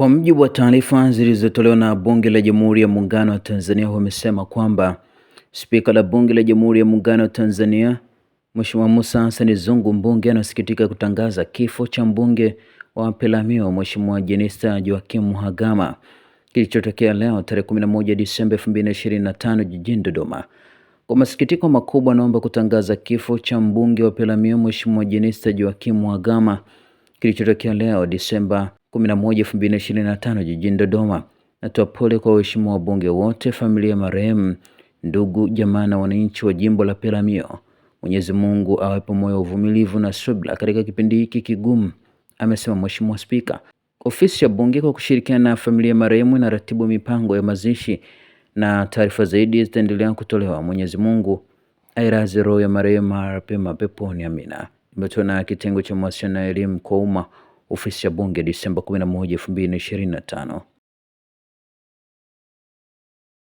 Kwa mujibu wa taarifa zilizotolewa na Bunge la Jamhuri ya Muungano wa Tanzania, wamesema kwamba Spika la Bunge la Jamhuri ya Muungano wa Tanzania Mheshimiwa musa Hassan Zungu mbunge anasikitika kutangaza kifo cha mbunge wa Peramiho Mheshimiwa Jenista Joakim Mhagama kilichotokea leo tarehe 11 Disemba 2025 jijini Dodoma. Kwa masikitiko makubwa, naomba kutangaza kifo cha mbunge wa Peramiho Mheshimiwa Jenista Joakim Mhagama kilichotokea leo Disemba 11 2025 jijini Dodoma. Natoa pole kwa waheshimiwa wabunge wote, familia marehemu, ndugu jamaa na wananchi wa jimbo la Peramiho. Mwenyezi Mungu awape moyo wa uvumilivu na subira katika kipindi hiki kigumu, amesema Mheshimiwa Spika. Ofisi ya Bunge kwa kushirikiana na familia marehemu inaratibu mipango ya mazishi na taarifa zaidi zitaendelea kutolewa. Mwenyezi Mungu airaze roho ya marehemu mapema peponi, amina. Imetolewa na kitengo cha mawasiliano na elimu kwa umma ofisi ya bunge Disemba 11, 2025.